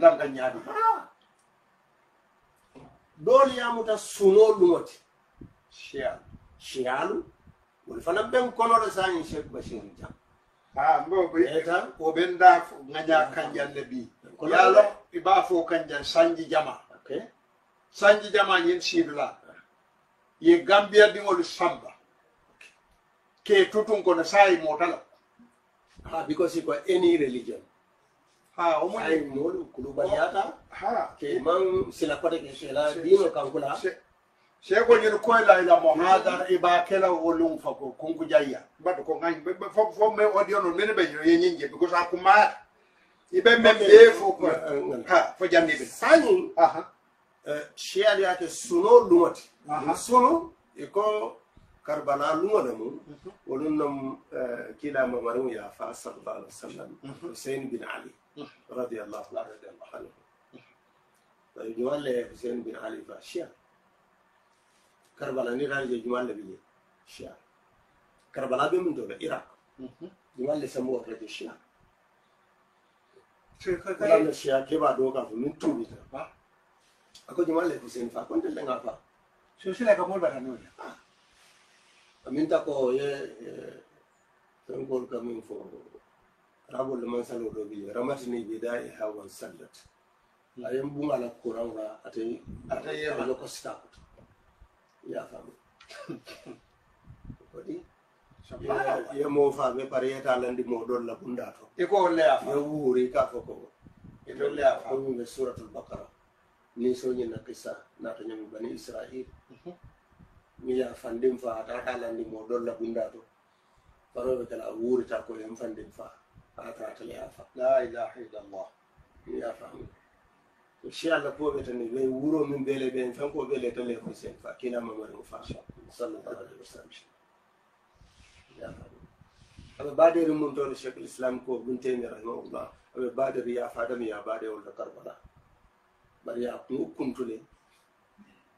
ngalda ñaadi doolu yamuta sunoo luŋoti siyalu siyalu kono le saayiŋ sheikh bashir jam eta wo ben daa ŋaja kanjaŋ le bii ye a loŋ i fo kanjaŋ sanji jama sanji jama ñiŋ siidula ye di diŋolu samba ke tutuŋ kono saa ye moota la ah, because iko any religion Ah, o ay moolu kulubaliyata ke man silakode ke kela dino kankula seko ñin koy layla mo hadar mm. iba kela wolum fako konku jayya mbaɗa ko gañ fof fof mais audio noon mene ɓe ye ñin jeɓi ko sa ko maata iɓe men ɓe fo mm, ko mm, ha fo janniɓe sañi eh, siyadiyake suno lumati suno e ko karbala luŋole mu wolum mhm. nom eh, kiila mamarimu yafa sallallah alih wa sallam mhm. husein bin ali رضي الله رضي الله عنه طيب جمال حسين بن علي فالشيخ كربلاء نيران جمال لبيه شيا كربلاء من دولة العراق جمال سموه رجل الشيخ كلام الشيخ كيف أدوك من توبي أكو جمال حسين فاكون تلنا فا شو لك أمين يه تنقول كمين rabu leman salu robi ramas ni bida i e hawan salat hmm. ayam bunga la kurang la ate ate ya ma loko stak ya fami kodi ya mo fami pare ya talan di modol la bunda to e le ya fami ya wuri ka foko i e do le ya fami ni suratul bakara ni so ni na kisa bani israil mi mhm. ya fandim fa ta talan di modol la bunda to paro be tala wuri ta ko fandim fa فاتاتني afa la ilaha illallah mi afa inchallah ko ɓe tan ɓe wuro min beele ɓen tan ko ɓeele to le ko sen fa kilama mari o fasa sallallahu alayhi wa sallam aɓe mbaɗeri mum toɗo cheikhul islam ko ɗum temi rahimahullah aɓe mbaɗeri yafadami ya mbaɗe olto karbala bari ya ɗo kuntule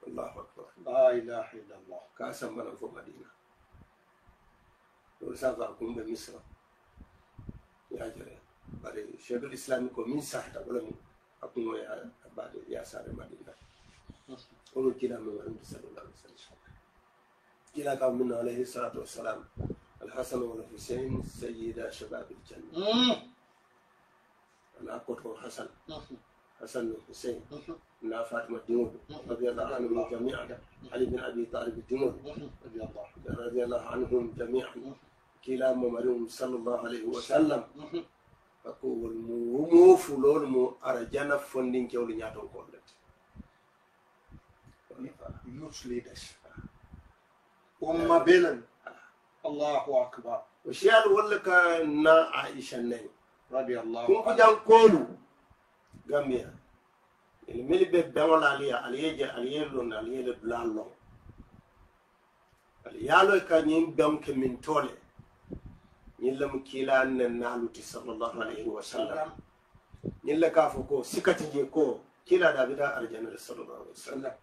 allahu akbar la ilaha illallah ka sambana fo madina ɗo safa kumɓe misra yajere bari cheikhul islami ko min sahata walamu hakkumo baade yasare madina ono kila men andu sallallahu alaihi wasallam kila kam min alayhi salatu wassalam الحسن والحسين سيدا شباب الجنة أنا أقول حسن حسن والحسين لا فاطمة ديمون رضي الله عنهم جميعا علي بن أبي طالب ديمون رضي الله عنهم جميعا كلام مريم صلى الله عليه وسلم فقول مو مو فلور مو أرجانا فندين كي أولي ناتو كولد يوش أم بيلن الله أكبر وشيال ولك نا عائشة نين رضي الله كم كجان كولو جميع يعني الميل بيت بيول عليا عليا جا عليا لون عليا لبلا لون عليا كان يين بيوم كمين ñiŋ kiila n naŋ naalu ti salallahu alayhi wa sallam ñiŋ le ka fo ko sikati je ko kiila da bita arjana le salallahu alayhi wa sallam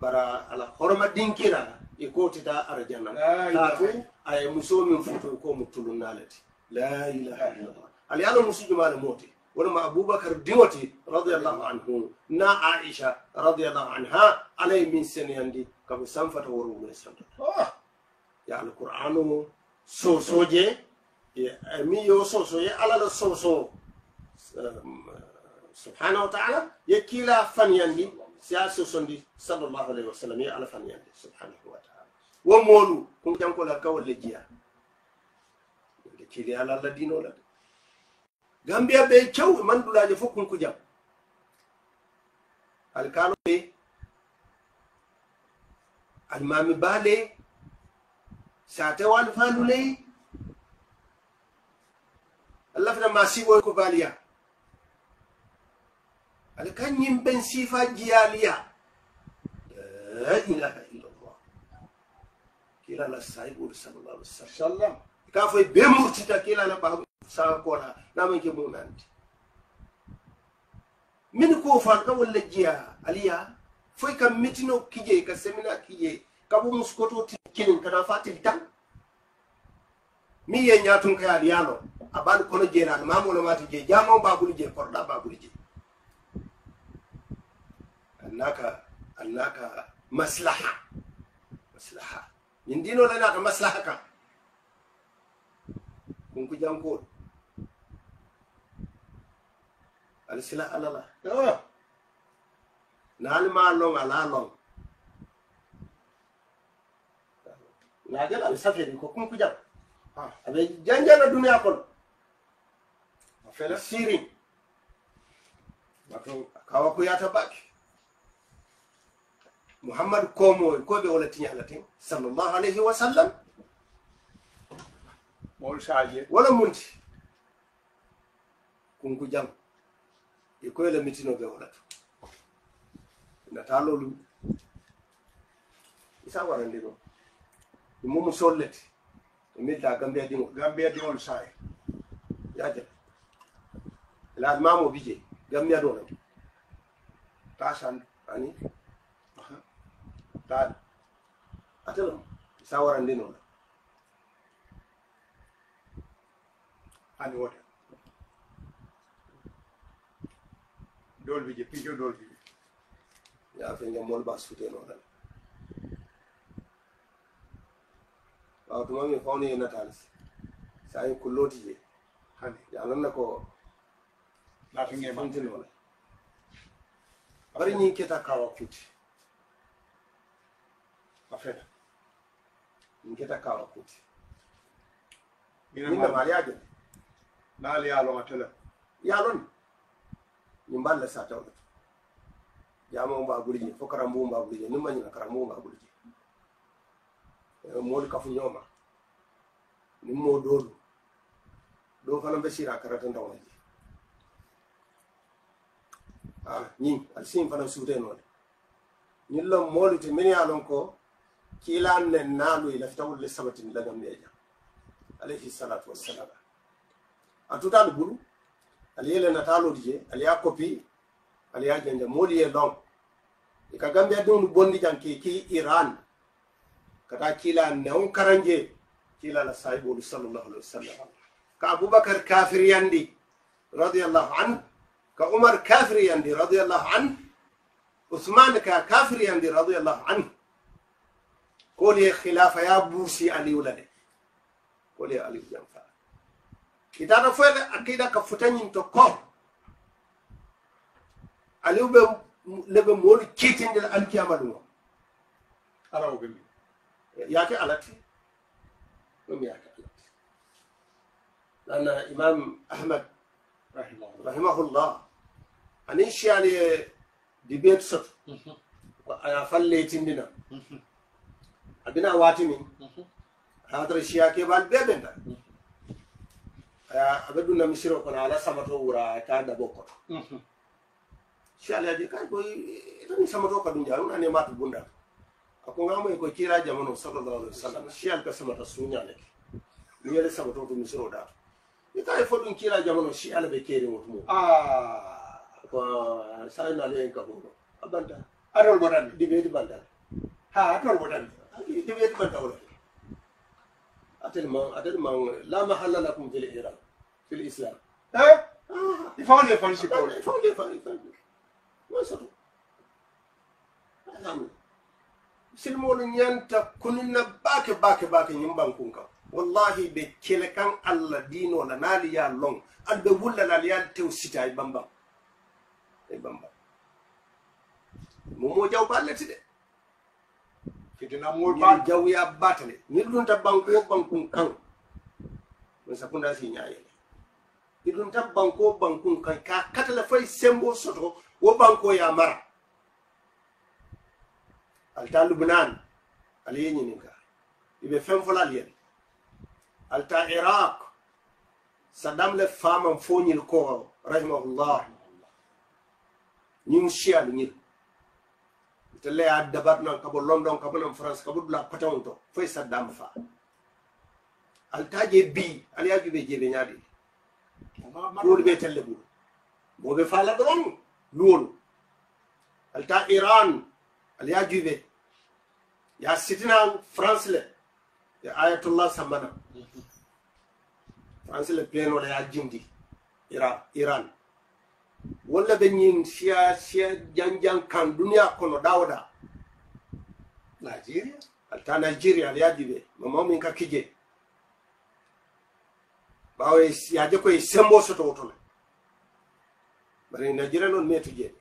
bara ala horoma dinkira la i ko tita arjana kaatu a musoo miŋ futu ko mu tulunna le la ilaha illallah ali ye a loŋ musu jumaa le moo ti ولما أبو بكر ديوتي رضي الله عنه نا عائشة رضي الله عنها علي من سنة يندي كم سنفة ورو من سنة يا القرآن min yo sonso ye ala la sonso subhanahu wa taala ye kiila fanyandi si a sosondi sallallahu alayhi wa sallam ye ala fanyandi subhanahu wa taala wo moolu kun janko la kawol le jiya de kiili ala la diino la de gambiya ɓe cew man dulaje fof kun kujam alkaalo ɓe almami baale saate waalifaalu ley allah fana ma siɓoy ko baaliya ala kan ben sifa jiyaliya la ilaha illallah kila la sallallah sallallahu alaihi wasallam ka fay be murtita na na sankona ke munanti min ko fa ka wala jiya aliya foy kam mitino kije ka semina kije kabo muskoto tilkinin kana fatil tan mi ye ñatun kay aliyano aban kono jeenaani maamulo maati jee jaamoo baabulu jee korɗaa baabulu jee annaka annaka maslaha maslaha ñin diinoo la naata maslaha kan kunku jankool ala sila ala la naani maa loŋ alaa loŋ naajal ala safiri ko jang? jam abe janjana dunia kono Fellowshipping. wato kawa kuyaata yata baake muhammadu komoy ko ɓe wala tiñala ten alayhi wasallam sallam mol saje wala munti kunku jam e koyela mitino ɓe wala to natalolu isa warandi ɗo ɗum momo sollete e milta gambiya ɗiŋol lad mamo biji, gam mi Tasan ta san ani ta atelo sawaran dino, non ani wota dol bije pijo dol bije ya fe ngam mol bas fute non dal ba to mami fawni natalis sai kulodi je hani ya lan nako latinge bari ñiŋ keta kawa kuti a feta ñiŋ keta kawa kuti ñiŋ namaali ye jele naali ye a loŋ ate le ye a loŋ ñiŋ baalu le saatawo le to jaamaŋo baa buli je fo karambuŋo baa buli je niŋ ma ñina karambuŋo baa buli je eh, moolu kafu ñoo ma niŋ moo doolu doo fanaŋ be siira a karatantaŋo le Ah, ñiŋ ali siŋ fana suuta noo le ñiŋ loŋ moolu ti minnu ye a loŋ ko kiilaa neŋ naalu i lafita wolu le sabatindi la ganbeya jaŋ alayhi salatu wassalam a tuta ali bulu ali ye le nataaloo ti je ali ye kopi ali ye a moolu ye loŋ i ka ganbeya diŋolu bondi jaŋ kei ki iran ka taa kiilaa neŋo karanje kiilaa la saayiboolu sallallahu alaihi wasallam ka abubakar kafiriyandi radiallahu anhu كعمر كافر يندي رضي الله عنه عثمان كافر يندي رضي الله عنه قول يا خلافة يا بوسي علي ولدي قول يا علي جنفا إذا نفعل أكيد كفتنين تقوم علي ب لب مول كيتين دل الكيامة لهم أنا أقول ياك ألاتي لم ياك ألاتي لأن إمام أحمد رحمه الله Ani shi ye debate soto mhm. aya dina mhm. abina wati min shi mhm. shiya keɓal be ɓenta aya aɓe na misiro kona ala samato wura ka dabo koto shiyali aji kay koy itani samato ka dunja una nane mata bunda ako gamoy koy kira jamano sallallahu alih wa sallam shiyal ka samata ni miyele samato to misiro da itaye fo ɗum kira jamano shiyala kere keeri wotumo ah. ko saynalen ka huno a banta atol botanɗe dibeeti bantal ha atol botanɗe dibeeti banta wuro atel man atel man la mahalla lakum fil iran fil islam eh il faut les fanci pour il faut les fanci ma sato alhamdulillah silmoolu ñanta kuninna baake baake baake ñiŋ bankun kaŋ wallahi be kele kaŋ alla diinoo la naali ye a loŋ ali be wulla la ali ye ali tew sita i bambaŋ day bambal moom moo jaw baat leti de fitina mool baat jaw yaa baatale ñi dunta banko bankun kan mun sakunda si ñaayele i dunta banko bankun kan kaa katala fay sembo soto wo banko yaa mara alta lubnan ali ye ñininka i be fen fola al yen alta iraq sadam le faman foñil ko rahimahullah ñiŋ siyalu ñiŋ itelle ye a dabar naŋ ka bo london ka bo naŋ france ka bo dula koteŋo to fo ye saddama faa ali taa je bii ali ye a jube jebe ñaadi luwolu be telle bulu moo be faa la doroŋ luwolu ali taa iran ali ye a jube ye a sitina france le ye ayatullah sammana france le peenoo la ye a jindi iran iran walla be ñin siya siya janjan kan duniya kono dawɗa nigeria altan algeria ala yaadi ɓe min ka kije ɓawa yaade koye sembo soto wotona bari nigeria noon metu jeeɗe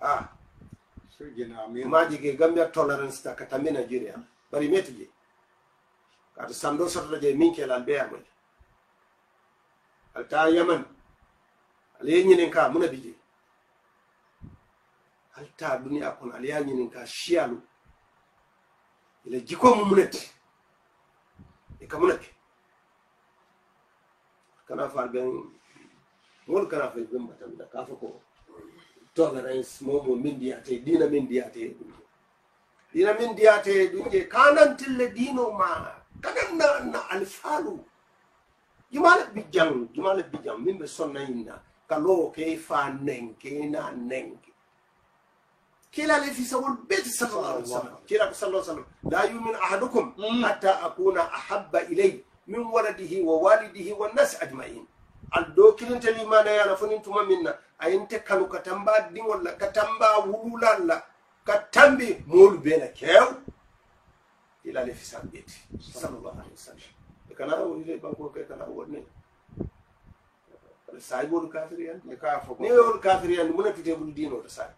a maji ke gambia tolérance ta ka tambi nigeria bari metu jeeɗe kato sando sotota je min kelal beyamoje alta yaman ala ye ka muna bi je ali ta duniya kono ala ye ñininka siyalu ila jiko mu muneti i e ka muna ke kana fa ben moolu kana fo ben batamina ka fa ko tolerance momo min diyate dina min diyate dina min diyate ɗum je kanantille dino ma kaganna na alfalu jumala bijang jumala bijang min ɓe sonna yinna kalo ke fa ke na nenke kila le fi sawol beti sallallahu alaihi wasallam kila ko sallallahu alaihi wasallam la yu'min ahadukum mm. hatta akuna ahabba ilayhi min waladihi wa walidihi wa nas ajma'in al do ma limana yana fonin tuma minna ayinte kalu katamba dingol la katamba wululalla katambi molu bena kew kila le fi sawol beti sallallahu alaihi wasallam kana wonde banko ke kana wonde ala saayiboolu kafiriyandi e ka fo ni yoolu kafiriyandi muna tutee bulu diinoo to saayi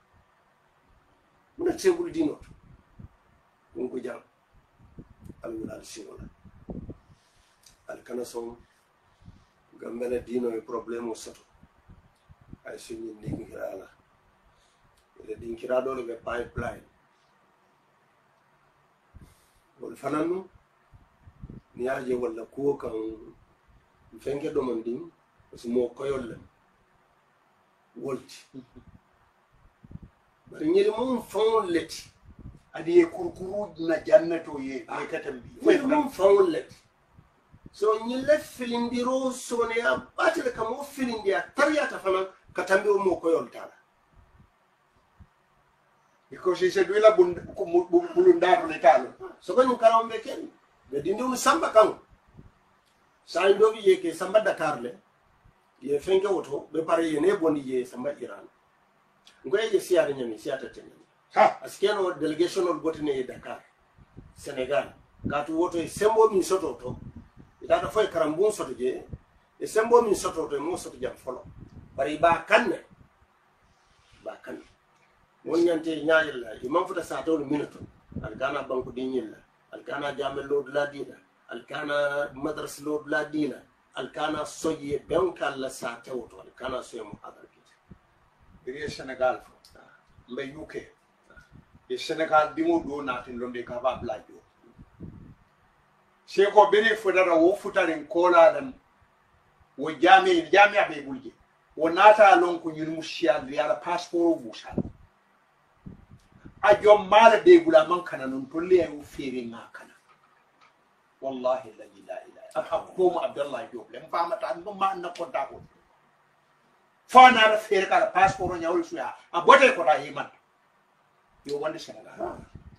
muna tutee bulu diinoo to ɗum ko jam ala wula ala sinola ala kana sow ngam mbele diino e probléme o soto hay soñin ndinkira ala ede ɗinkiraɗo ɗo ɓe pipeline wol fanan nu ni yaje walla kuwo kan fenke ɗomon ɗin smookoyolle wolti bari ñeri mum fawol leti aɗa ye kurkuruji na jannat o ye ɓe katambi ñeri mum fawol leti so ñille filindiro soneya ɓatele kam o filindiya taryata fanan ka tambi o mookoyol tala because se dui la bulundato le talo soko ñum ken ɓe dindi samba kan sa ndoɓi yeke samba dakar le ye fenke woto be pare ye ne bondi ye samba iran ngoye ye siyare nyami siyata tenyami ha asikeno delegation ol gotine ye dakar senegal katu woto e sembo min soto to itata foye karambun soto je e sembo min soto to mo soto jam folo bari ba kanne ba kanne won ñante ñaayel la e man sa tawlo minato al gana banko diñil al gana jamel lord dina al gana madras lord dina alkana soye ben kala sate woto alkana soye mu hadal kiti biri senegal fo mbe uk e senegal dimo do natin lombe ka ba bla jo seko biri fudara wo futarin kola dan wo jami jami abe bulje wo nata lon ko nyun mushiya riyala passport sha a jom mala de gula man kana non tolle ay o fere kana wallahi la ilaha saka komo abdallah job le famata no ma na konta ko fo na ra fere kala passeport nyawol suya a bote ko ta yiman yo wonde senegal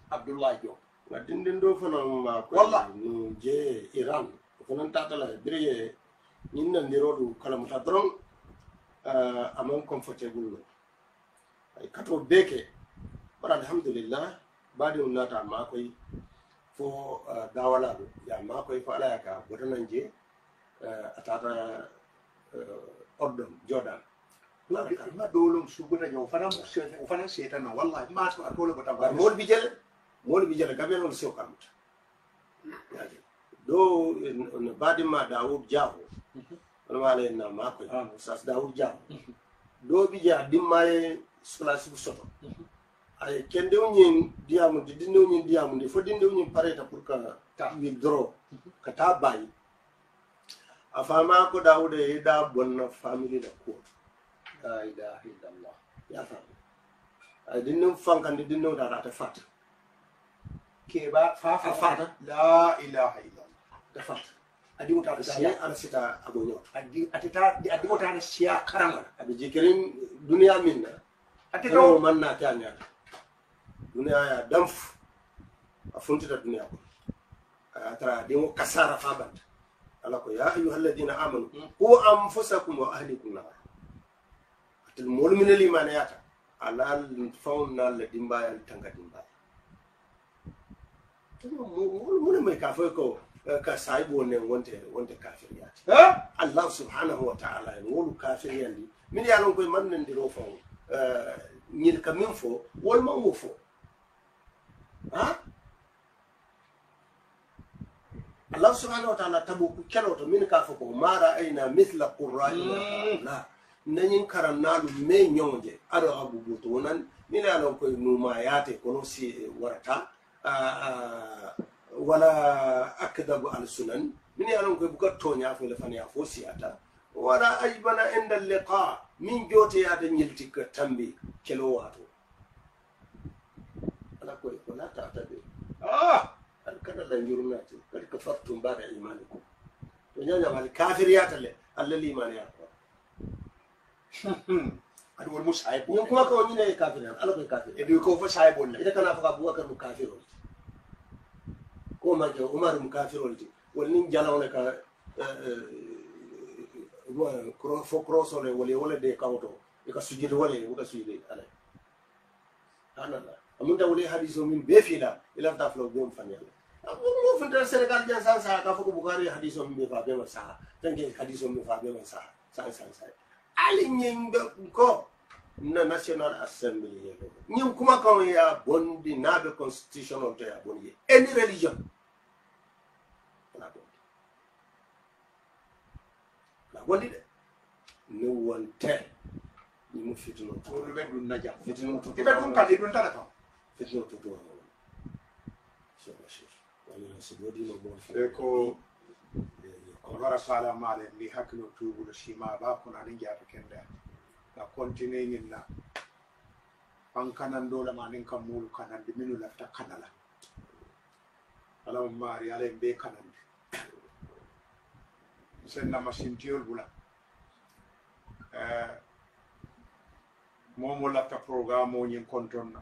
abdallah job la dindin do fana ma ko walla no je iran ko non tatala bire ñin na ndirodu kala muta doron uh, ah, aman comfortable no ay kato beke bara alhamdulillah badi nata makoy fo dawalaɗo eh, ya makoye fo alaya ka botanan je a tata ordon jodan ma dowlom suguta ño fana o fana setana wallahi mato a tole bota bar mool bijele mool bijele gamenol sew kamuta do ne badi ma diaho ono wala en na makoye sas dawoud diaho do bija dimmaye sola sibu soto mhm ay kendew ñin diamu di dindew ñin diamu di fo dindew ñin pareta pour que wi dro ka ta bayi a ko daude ya da bonna family da ko la ilaha illallah ya fa ay dindew fankan di dindew da ta fata ke ba fa fa fata la ilaha illallah da fata adi wata da siya an sita abonyo adi atita adi wata da siya karanga adi jikirin duniya minna atita man na ta duniya ya danfu a funtita duniya ko a tara din ko kasara banta ala ko ya ayyuhalladhina amanu ku anfusakum wa ahlikum nar atul mu'minu liman yata ala fauna la dimba al tanga mu ne mai kafai ko eh, ka sai ne wonte wonte kafir ya ta eh? allah subhanahu wa ta'ala ya wulu kafir ya ni min ya lon ko man nan diro eh nyir kamin fo wol man wo fo ha allah subhanahu wa ta'ala tabo ku kelawto min ka fo ko mara ayna mithla qurra'i mm. la nañin karan nalu me ñoje aɗo abubuto wonan ko Numa koye numayate kono si warata ah, ah, wala akdabu al sunan mini anon koye buga toña fo lefaniya fo siyata wala ajbana inda liqa min jote ya jooteyade ñiltikka tambi kelo wato لا تعتذروا اه الكل لا يجرون ناتي قد كفرتم بعد ايمانكم ونيانا مع الكافر يات اللي قال لي ما نيانا ادو المس عيب ونكو ما كو نينا انا يات الله كافر يعني. ادو كو فش عيب ولا اذا كان افقا بوا كانوا كافر ولا كو ما جو عمر مكافر ولا ولين جلاونا كا ادو آه، آه، آه، كرو فو كروس ولا ولا دي كاوتو يكسجد ولا يكسجد انا انا الله amunta wule hadiso min be fila ilafta fula be mfanyala amungo fundra senegal jan san sa ka fuko bukari hadiso min be fa be sa tanke min fa be sa ali nyen be ko na national assembly ye nyen kuma ya bondi na be constitution ya bondi any religion bondi de ni mu fitino to be dun na ja fitino to dun fitna tutoa so bashir wala sigodi no mo e ko o wara sala male mi hakkilo tubulo sima ba kono aɗen jaato kende ga continue ñin na an kanandola ma nin kam mulu kanandi minu lafta kanala ala mo maari ala en be kanandi senna masintiyol bula eh, momo lafta programme o ñin kontonna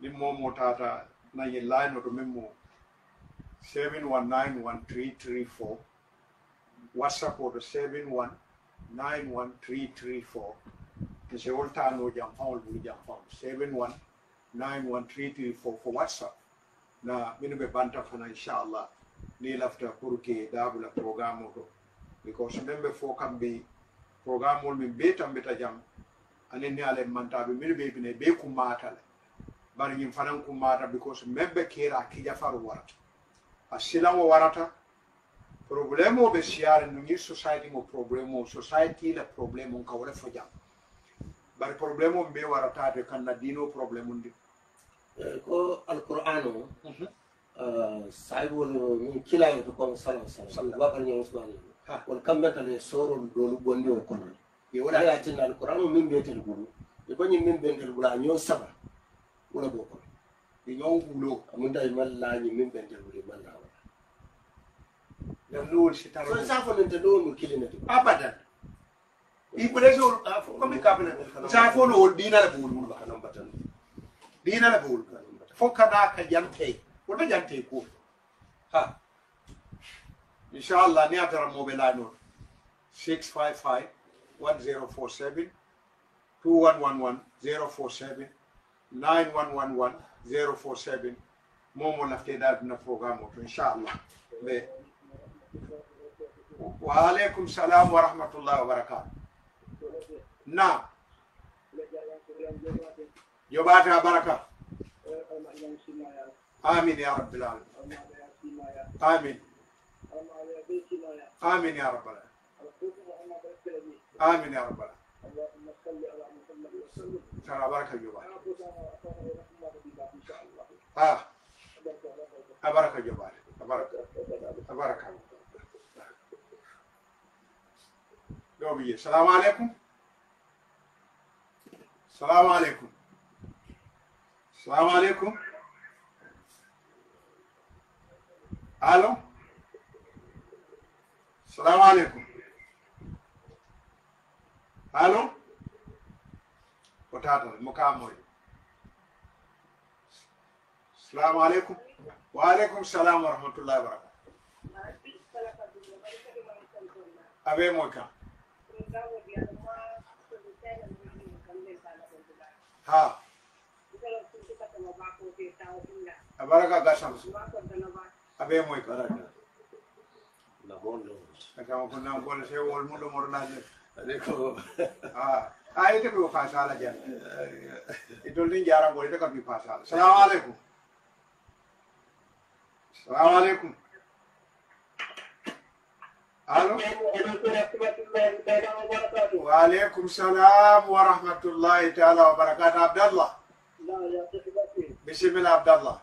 ɗin mo motata naye line to min mo 7191334 whatsapp oto 7191334 te sewol tano jam fawol ɓuri jam fawol 7191334 fo whatsapp na minu be banta fana inchallah ni lafta pour que daɓula programme to because min ɓe fo kamɓe programme ol min be tambita jam anin ni ala mantaɓe minu ɓe bine ɓe kummatala bari ñiŋ fanaŋ kumbaata because meŋ be keera a kijafaru warata a silaŋo warata problemo be siyaari nu ñiŋ society mo problemo society la problemo ka wo le fo jaŋ bari problemo mbe warata te kaŋ na diino problemundi eh, ko alqur'ano mhm. eh, sahibuolu ñiŋ kilaŋoto comme sala sala bakar ñiŋ usmani wol kambenta le soorolu doolu bondi o kono ye wona ye tinna alqur'ano miŋ beetel bulu e ko ñiŋ miŋ bentel bulu a ñoo saba wala bo kono e ñon wulo amunda e mallañi min ɓen jawri malla wala ngam lowol si tara son safonente lowol mo kilinati abadan ibrejol comme kabla safolo wol ɗinala bo wulwul kanan batan ɗinala bo wul fo kada ka jante woto jante ko ha inchallah ni a tara moɓe la noon 655 1047 2111 047 9111 047 momo lafte dal na programme to inshallah wa alaykum salam wa rahmatullahi wa barakatuh na yobata baraka amin ya rabbil alamin amin Amin ya رب العالمين Amin ya رب العالمين ترى بارك الله ah tabaraka jabbar tabaraka tabaraka doo biyye salaamu aleykum salaamu aleykum salaamu aleykum allo salaamu aleykum allo o taata mo kaamoye Assalamualaikum, waalaikumsalam warahmatullahi wabarakatuh. pulau baraka. Abe muika. Abe muika. Abaraka gasa. Abe muika. Abaraka gasa. Abaraka gasa. Abaraka gasa. Abaraka gasa. Abaraka gasa. Abaraka gasa. Abaraka gasa. Abaraka gasa. Abaraka السلام عليكم الو وعليكم السلام ورحمه الله تعالى وبركاته عبد الله بسم الله عبد الله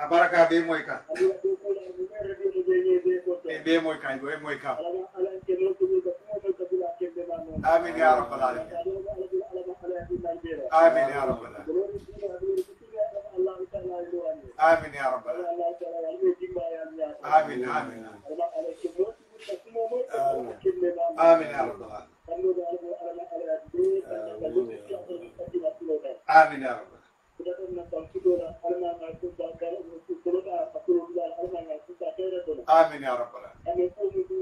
أبارك be مويكا ka مويكا moy مويكا آمين يا رب العالمين آمين يا رب العالمين آمين يا رب آمين آمين آمين آمين يا رب آمين يا رب آمين يا رب